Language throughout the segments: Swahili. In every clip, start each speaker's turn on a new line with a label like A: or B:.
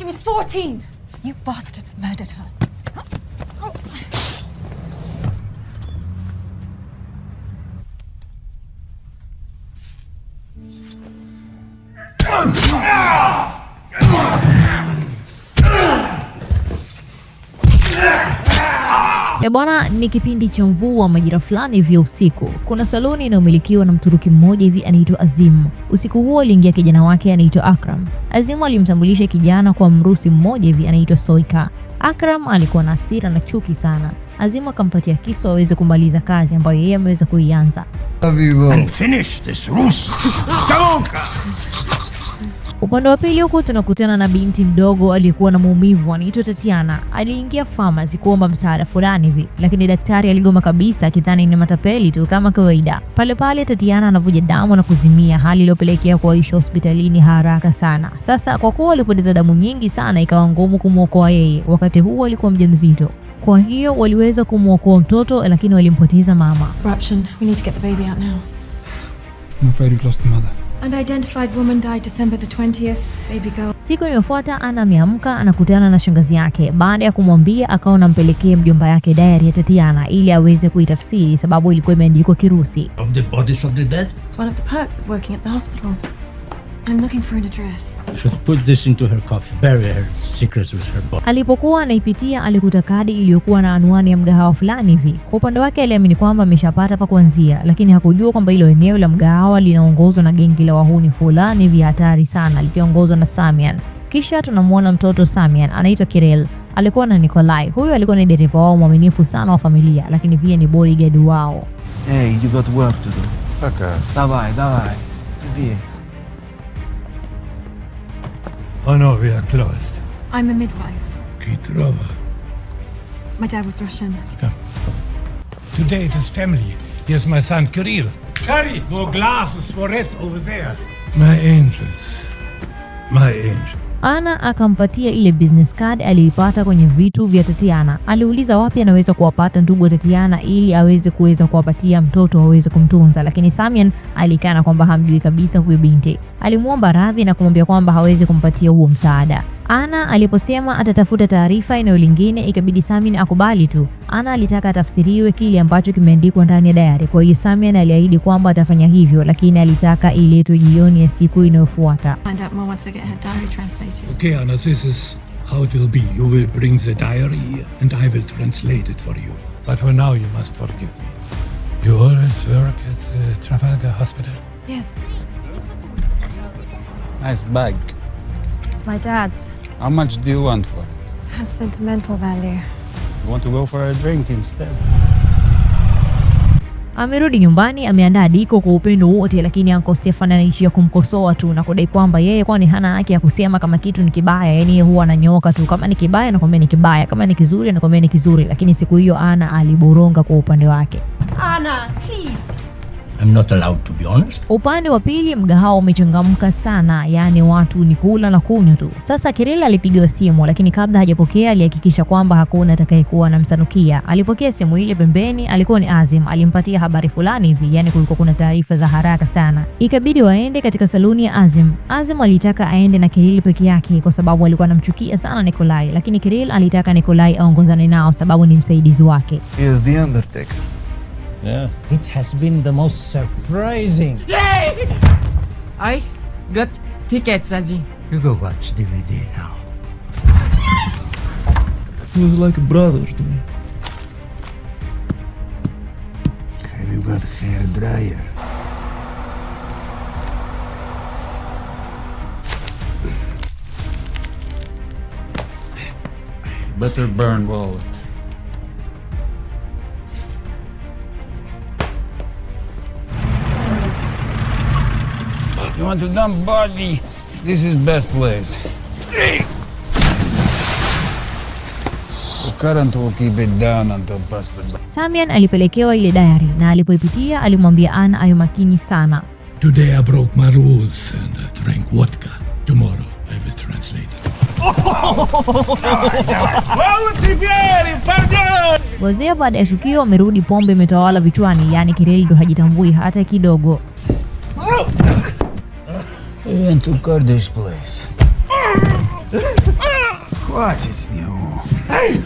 A: She was 14. You bastards murdered her.
B: Ah! E bwana, ni kipindi cha mvua majira fulani hivi usiku. Kuna saluni inayomilikiwa na Mturuki mmoja hivi anaitwa Azim. Usiku huo aliingia kijana wake anaitwa Akram. Azim alimtambulisha kijana kwa Mrusi mmoja hivi anaitwa Soika. Akram alikuwa na hasira na chuki sana. Azim akampatia kisu aweze kumaliza kazi ambayo yeye ameweza kuianza. Upande wa pili huku tunakutana na binti mdogo aliyekuwa na maumivu, anaitwa Tatiana. Aliingia famasi kuomba msaada fulani hivi, lakini daktari aligoma kabisa, akidhani ni matapeli tu kama kawaida. Pale pale Tatiana anavuja damu na kuzimia, hali iliyopelekea kuwaisha hospitalini haraka sana. Sasa kwa kuwa alipoteza damu nyingi sana, ikawa ngumu kumwokoa yeye, wakati huo alikuwa mjamzito. Kwa hiyo waliweza kumwokoa mtoto, lakini walimpoteza mama.
C: Eruption. We need to get the baby out now.
D: I'm afraid we've lost the mother.
C: Unidentified woman died December the 20th, baby girl.
B: Siku iliyofuata Ana ameamka anakutana na shangazi yake. Baada ya kumwambia, akawa nampelekea mjomba yake diary ya Tatiana ili aweze kuitafsiri, sababu ilikuwa imeandikwa Kirusi.
E: Of the bodies of the dead.
C: It's one of the perks of working at the hospital. I'm looking for an address.
E: Should put this into her Bury her secrets with her body.
B: Alipokuwa anaipitia alikuta kadi iliyokuwa na anwani ya mgahawa fulani hivi. Kwa upande wake aliamini kwamba ameshapata pa kuanzia, lakini hakujua kwamba hilo eneo la mgahawa linaongozwa na gengi la wahuni fulani vya hatari sana likiongozwa na Samian. Kisha tunamwona mtoto Samian anaitwa Kirel alikuwa na Nikolai. Huyu alikuwa ni dereva wao mwaminifu sana wa familia, lakini pia ni bodyguard wao.
F: Hey, you got work to do.
G: Okay.
H: Davai, davai. Ndiye.
E: we are closed.
C: I'm a midwife. Kitrowa. My dad was Russian.
E: Come. Today it is family. Here's my son Kirill. Carry more glasses for it over there. My angels. My angels.
B: Ana akampatia ile business card aliipata kwenye vitu vya Tatiana. Aliuliza wapi anaweza kuwapata ndugu wa Tatiana ili aweze kuweza kuwapatia mtoto aweze kumtunza, lakini Samian alikana kwamba hamjui kabisa huyo binti. Alimwomba radhi na kumwambia kwamba hawezi kumpatia huo msaada. Ana aliposema atatafuta taarifa eneo lingine, ikabidi Samin akubali tu. Ana alitaka atafsiriwe kile ambacho kimeandikwa ndani ya diary. kwa hiyo Samin aliahidi kwamba atafanya hivyo, lakini alitaka iletwe jioni ya siku inayofuata.
E: Okay, Ana, this is how it will be. You will bring the diary and I will translate it for you. But for now you must forgive me. You always work at the Trafalgar Hospital?
C: Yes. Nice bag. It's my dad's.
I: How much do you want for it?
C: Has sentimental value.
I: You want to go for a drink instead?
B: Amerudi nyumbani ameandaa diko kwa upendo wote, lakini Uncle Stefan anaishia kumkosoa tu na kudai kwamba yeye kwani hana haki ya kusema kama kitu ni kibaya. Yani yeye huwa ananyoka tu, kama ni kibaya anakuambia ni kibaya, kama ni kizuri anakuambia ni kizuri. Lakini siku hiyo Ana aliboronga kwa upande wake.
J: Ana, please.
E: I'm not allowed to be honest.
B: Upande wa pili mgahawa umechangamka sana, yaani watu ni kula na kunywa tu. Sasa Kirila alipigiwa simu, lakini kabla hajapokea alihakikisha kwamba hakuna atakayekuwa anamsanukia. Alipokea simu ile, pembeni alikuwa ni Azim, alimpatia habari fulani hivi, yaani kulikuwa kuna taarifa za haraka sana, ikabidi waende katika saluni ya Azim. Azim alitaka aende na Kiril peke yake kwa sababu alikuwa anamchukia sana Nikolai, lakini Kiril alitaka Nikolai aongozane nao sababu ni msaidizi wake.
F: He is the undertaker.
K: Yeah.
L: It has been the most surprising.
M: Yay! I got tickets, Azim.
L: You go watch DVD now.
E: He was like a brother to me.
L: Have you got hair dryer?
K: Better burn wallet. want to dump body, this is best place.
L: current will keep it down until past the...
B: Samian alipelekewa ile diary na alipoipitia alimwambia Ana ayo makini sana.
E: Today I broke my rules and I drank vodka. Tomorrow I will translate.
B: Wazee baada ya tukio wamerudi, pombe imetawala vichwani, yaani Kireli hajitambui hata kidogo. Oh.
K: And to Kurdish place. Хватит с него.
M: Hey!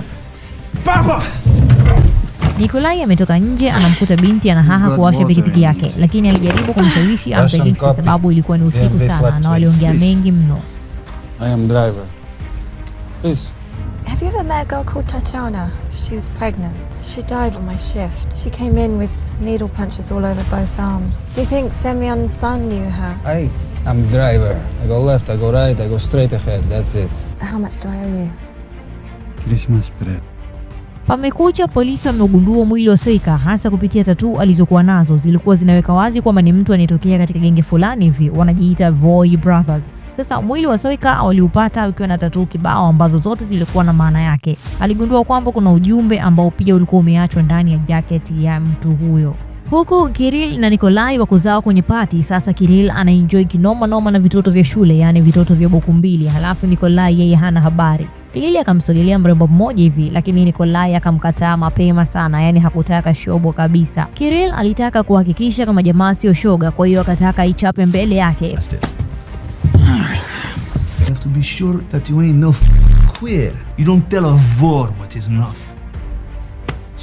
M: Papa!
B: Nikolai ametoka nje, anamkuta binti ana haha kuwasha pikipiki yake, lakini alijaribu kumshawishi ampe lift kwa sababu ilikuwa ni usiku sana na waliongea mengi mno.
F: I am driver. Please.
C: Have you ever met a girl called Tatiana? She was pregnant. She died on my shift. She came in with needle punches all over both arms. Do you think Semyon's son knew her?
F: I I'm driver. I go left, I go right, I go straight ahead. That's it.
C: How much do I owe you?
F: Christmas bread.
B: Pamekucha, polisi wamegundua mwili wa Soika hasa kupitia tatuu alizokuwa nazo zilikuwa zinaweka wazi kwamba ni mtu anayetokea katika genge fulani hivi wanajiita Voi Brothers. Sasa mwili wa Soika waliupata ukiwa na tatuu kibao ambazo zote zilikuwa na maana yake. Aligundua kwamba kuna ujumbe ambao pia ulikuwa umeachwa ndani ya jaketi ya mtu huyo. Huku Kiril na Nikolai wa kuzao kwenye pati. Sasa Kiril anaenjoy kinoma noma na vitoto vya shule, yani vitoto vya boku mbili, halafu Nikolai yeye hana habari. Kiril akamsogelea mrembo mmoja hivi, lakini Nikolai akamkataa mapema sana, yani hakutaka shobo kabisa. Kiril alitaka kuhakikisha kama jamaa sio shoga, kwa hiyo akataka ichape mbele yake. You
F: have to be sure that you ain't no queer. You don't tell a whore what is enough.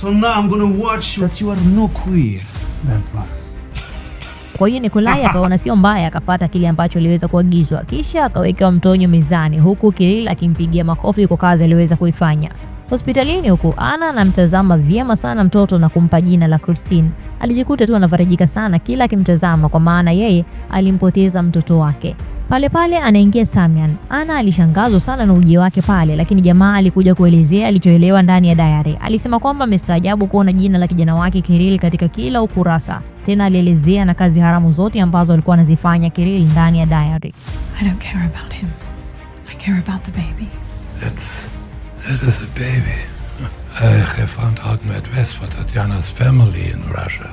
F: So now I'm gonna watch that you are no queer that one.
B: Kwa hiyo Nikolai akaona sio mbaya, akafuata kile ambacho aliweza kuagizwa, kisha akawekewa mtonyo mezani, huku Kiril akimpigia makofi kwa kazi aliyoweza kuifanya hospitalini. Huku Ana anamtazama vyema sana mtoto na kumpa jina la Christine. Alijikuta tu anafarijika sana kila akimtazama, kwa maana yeye alimpoteza mtoto wake. Pale pale anaingia Samian. Ana alishangazwa sana na ujio wake pale, lakini jamaa alikuja kuelezea alichoelewa ndani ya diary. Alisema kwamba amestaajabu kuona jina la kijana wake Kiril katika kila ukurasa. Tena alielezea na kazi haramu zote ambazo alikuwa anazifanya Kiril ndani ya diary.
C: I don't care about him. I care about the baby.
E: That's that is a baby. I have found out my address for Tatiana's family in Russia.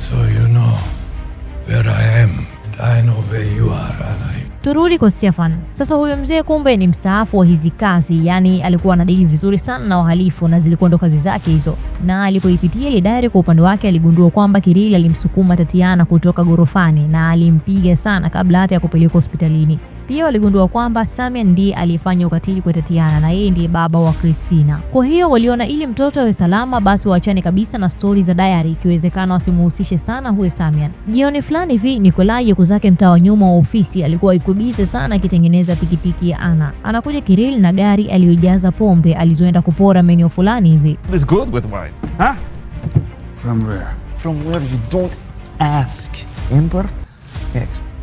E: So you know where I am. I know where you are alive.
B: Turudi kwa Stefan. Sasa huyu mzee kumbe ni mstaafu wa hizi kazi, yani alikuwa dili vizuri sana na wahalifu na zilikuwa ndo kazi zake hizo. Na alipoipitia ile diary kwa upande wake aligundua kwamba Kirili alimsukuma Tatiana kutoka gorofani na alimpiga sana kabla hata ya kupelekwa hospitalini. Pia waligundua kwamba Samia ndiye aliyefanya ukatili kwa Tatiana na yeye ndiye baba wa Christina. Kwa hiyo waliona ili mtoto awe salama, basi waachane kabisa na stori za diary, ikiwezekana wasimuhusishe sana huyo Samia. Jioni fulani hivi Nikolai yuko zake mtaa wa nyuma wa ofisi, alikuwa ikubize sana akitengeneza pikipiki ya Ana. Anakuja Kiril na gari aliyojaza pombe alizoenda kupora maeneo fulani hivi.
E: From where?
K: From where you don't ask.
E: Import? Export.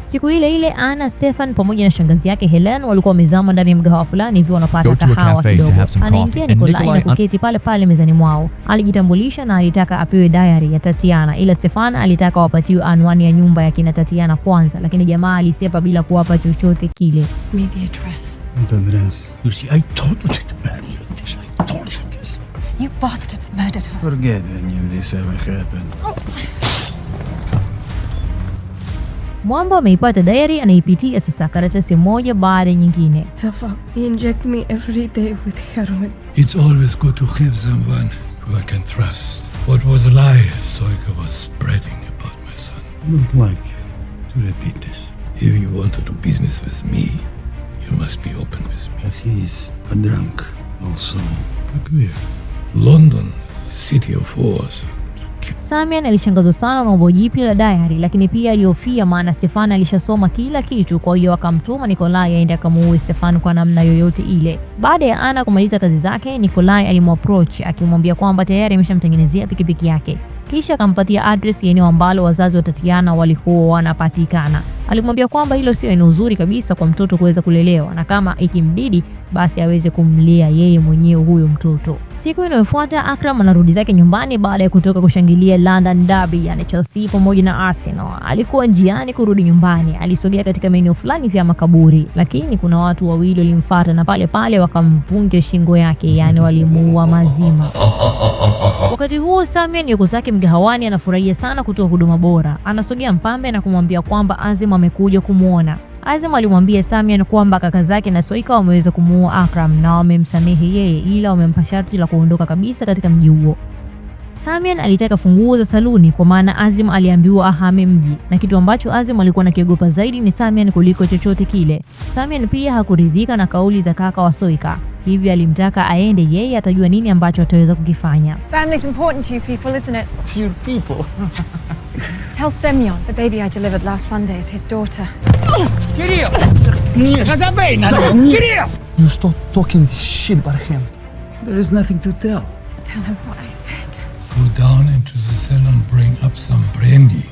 B: Siku ile ile Anna, Stefan pamoja na shangazi yake Helen walikuwa wamezama ndani ya mgahawa fulani hivi wanapata kahawa kidogo. Anaingia Nikolai na uh, kuketi pale pale mezani mwao. Alijitambulisha na alitaka apewe diary ya Tatiana, ila Stefan alitaka wapatiwe anwani ya nyumba ya kina Tatiana kwanza, lakini jamaa alisepa bila kuwapa chochote kile.
C: You You bastards murdered her.
E: Forget I knew this ever happened. Oh.
B: Mwamba ameipata diary anaipitia sasa karatasi moja baada nyingine.
N: Safa, inject me every day with heroin.
E: It's always good to have someone who I can trust. What was a lie Soika was spreading about my son? I don't like to repeat this. If you want to do business with me, you must be open with me. But he's a drunk also. Look here. London, city of wars.
B: Samian alishangazwa sana na umbo jipya la Dayari, lakini pia alihofia, maana Stefan alishasoma kila kitu. Kwa hiyo akamtuma Nikolai aende akamuue Stefan kwa namna yoyote ile. Baada ya Ana kumaliza kazi zake, Nikolai alimwaproach akimwambia kwamba tayari ameshamtengenezea pikipiki yake, kisha akampatia address ya eneo ambalo wazazi wa Tatiana walikuwa wanapatikana. Alimwambia kwamba hilo sio eneo zuri kabisa kwa mtoto kuweza kulelewa na kama ikimbidi basi aweze kumlea yeye mwenyewe huyo mtoto. Siku inayofuata Akram anarudi zake nyumbani baada ya kutoka kushangilia London Derby, yani Chelsea pamoja na Arsenal. Alikuwa njiani kurudi nyumbani, alisogea katika maeneo fulani vya makaburi, lakini kuna watu wawili walimfuata na pale pale wakampunja shingo yake, yani walimuua mazima. Wakati huo Samian yuko zake mgahawani, anafurahia sana kutoa huduma bora. Anasogea Mpambe na kumwambia kwamba Azim wamekuja kumwona. Azim alimwambia Samian kwamba kaka zake na Soika wameweza kumuua Akram na wamemsamehe yeye, ila wamempa sharti la kuondoka kabisa katika mji huo. Samian alitaka funguo za saluni kwa maana Azim aliambiwa ahame mji, na kitu ambacho Azim alikuwa nakiogopa zaidi ni Samian kuliko chochote kile. Samian pia hakuridhika na kauli za kaka wa Soika, hivyo alimtaka aende yeye, atajua nini ambacho ataweza kukifanya.
C: Tell Semyon the baby I delivered last Sunday is his daughter.
K: Kirill! Kirill!
F: You stop talking this shit about him. There is nothing to tell.
C: Tell him what I said.
E: Go down into the cell and bring up some brandy.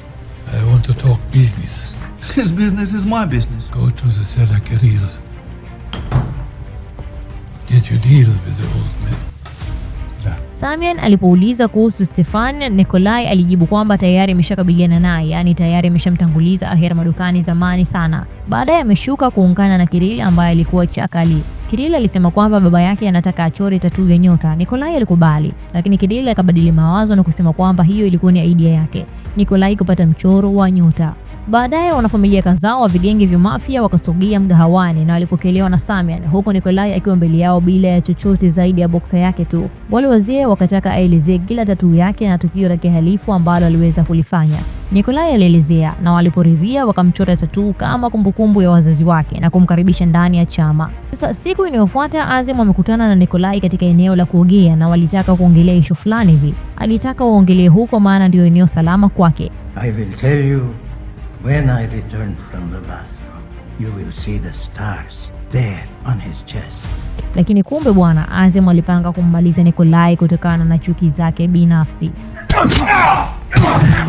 E: I want to talk business.
K: His business is my business.
E: Go to the cellar, Kirill. Get your deal with the old man.
B: Samian alipouliza kuhusu Stefan, Nikolai alijibu kwamba tayari ameshakabiliana naye, yaani tayari ameshamtanguliza ahera madukani zamani sana. Baadaye ameshuka kuungana na kirili ambaye alikuwa Chakali kidili alisema kwamba baba yake anataka achore tatuu ya nyota. Nikolai alikubali, lakini kidili akabadili mawazo na kusema kwamba hiyo ilikuwa ni idea yake Nikolai kupata mchoro wa nyota. Baadaye wanafamilia kadhaa wa vigenge vya mafia wakasogea mgahawani na walipokelewa na Samian, huku Nikolai akiwa mbele yao bila ya chochote zaidi ya boksa yake tu. Wale wazee wakataka aelezee kila tatuu yake na tukio la kihalifu ambalo aliweza kulifanya. Nikolai alielezea, na waliporidhia wakamchora tatuu kama kumbukumbu ya wazazi wake na kumkaribisha ndani ya chama. Sasa siku inayofuata Azim amekutana na Nikolai katika eneo la kuogea na walitaka kuongelea ishu fulani hivi. Alitaka waongelee huko, maana ndio eneo salama kwake.
L: I will tell you when I return from the bathroom. You will see the stars there on his chest.
B: Lakini kumbe bwana Azim alipanga kummaliza Nikolai kutokana na chuki zake binafsi. Ah! Ah!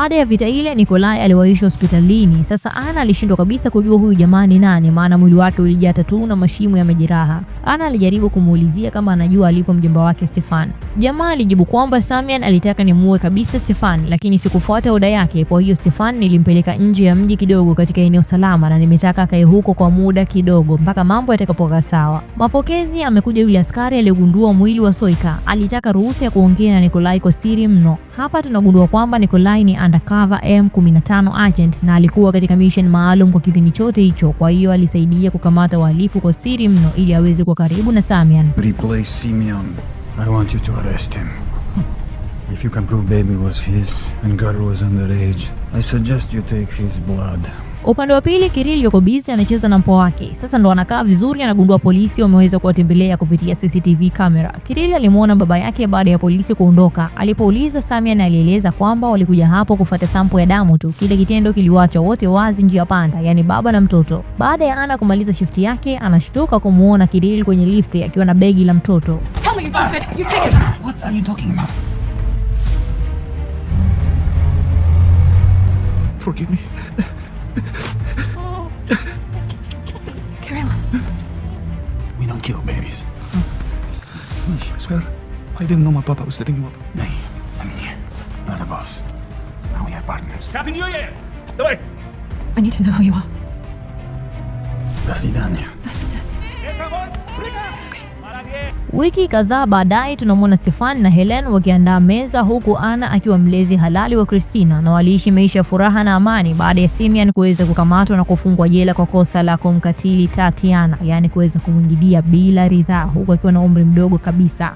B: Baada ya vita ile, Nikolai aliwaishwa hospitalini. Sasa Ana alishindwa kabisa kujua huyu jamaa ni nani, maana mwili wake ulijaa tatuu na mashimo ya majeraha. Ana alijaribu kumuulizia kama anajua alipo mjomba wake Stefan. Jamaa alijibu kwamba Samian alitaka nimuue kabisa Stefan, lakini sikufuata oda yake, kwa hiyo Stefan nilimpeleka nje ya mji kidogo, katika eneo salama, na nimetaka akae huko kwa muda kidogo mpaka mambo yatakapokaa sawa. Mapokezi amekuja yule askari aliyogundua mwili wa Soika. Alitaka ruhusa ya kuongea na Nikolai kwa siri mno. Hapa tunagundua kwamba Nikolai ni Ana undercover M15 agent na alikuwa katika mission maalum kwa kipindi chote hicho, kwa hiyo alisaidia kukamata wahalifu kwa siri mno ili aweze kuwa karibu na Samian.
E: Replace Simeon. I want you to arrest him. Hmm. If you can prove baby was his and girl was underage, I suggest you take his blood.
B: Upande wa pili Kirili yuko busy anacheza na mpo wake. Sasa ndo anakaa vizuri, anagundua polisi wameweza kuwatembelea kupitia CCTV camera. Kirili alimuona baba yake baada ya polisi kuondoka. Alipouliza, Samian alieleza kwamba walikuja hapo kufuata sampo ya damu tu. Kile kitendo kiliwacha wote wazi njia panda, yani baba na mtoto. Baada ya Ana kumaliza shifti yake, anashtuka kumuona Kirili kwenye lifti akiwa na begi la mtoto.
L: Forgive me. Carolyn. We don't kill babies. Snish, I swear. I didn't know my papa was setting you up. Nay, I'm here. You're the boss. Now we are partners.
K: Happy New Year! way.
C: I need to know who you are.
L: До свидания.
B: Wiki kadhaa baadaye tunamwona Stefan na Helen wakiandaa meza huku Anna akiwa mlezi halali wa Christina na waliishi maisha ya furaha na amani baada ya Simeon kuweza kukamatwa na kufungwa jela kwa kosa la kumkatili Tatiana, yaani kuweza kumwingilia bila ridhaa huku akiwa na umri mdogo kabisa.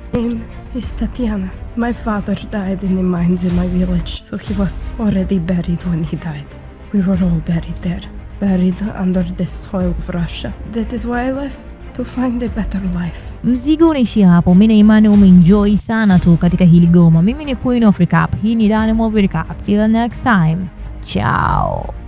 O: Tatiana. My father died in the mines in my village, so he was already buried when he died. We were all buried there, buried under the soil of Russia. That is why I left to find a better life.
B: Mzigo unaishia hapo. Mimi na imani umeenjoy sana tu katika hili goma. Mimi ni Queen of Recap. Hii ni Dynamo Recap. Till next time. Ciao.